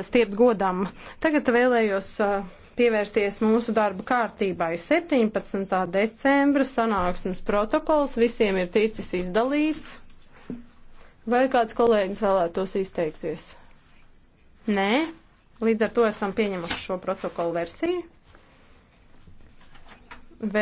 stiept godam. Tagad vēlējos uh, pievērsties mūsu darba kārtībai. 17. decembra sanāksmes protokols visiem ir ticis izdalīts. Vai kāds kolēģis vēlētos izteikties? Nē, līdz ar to esam pieņemuši šo protokolu versiju.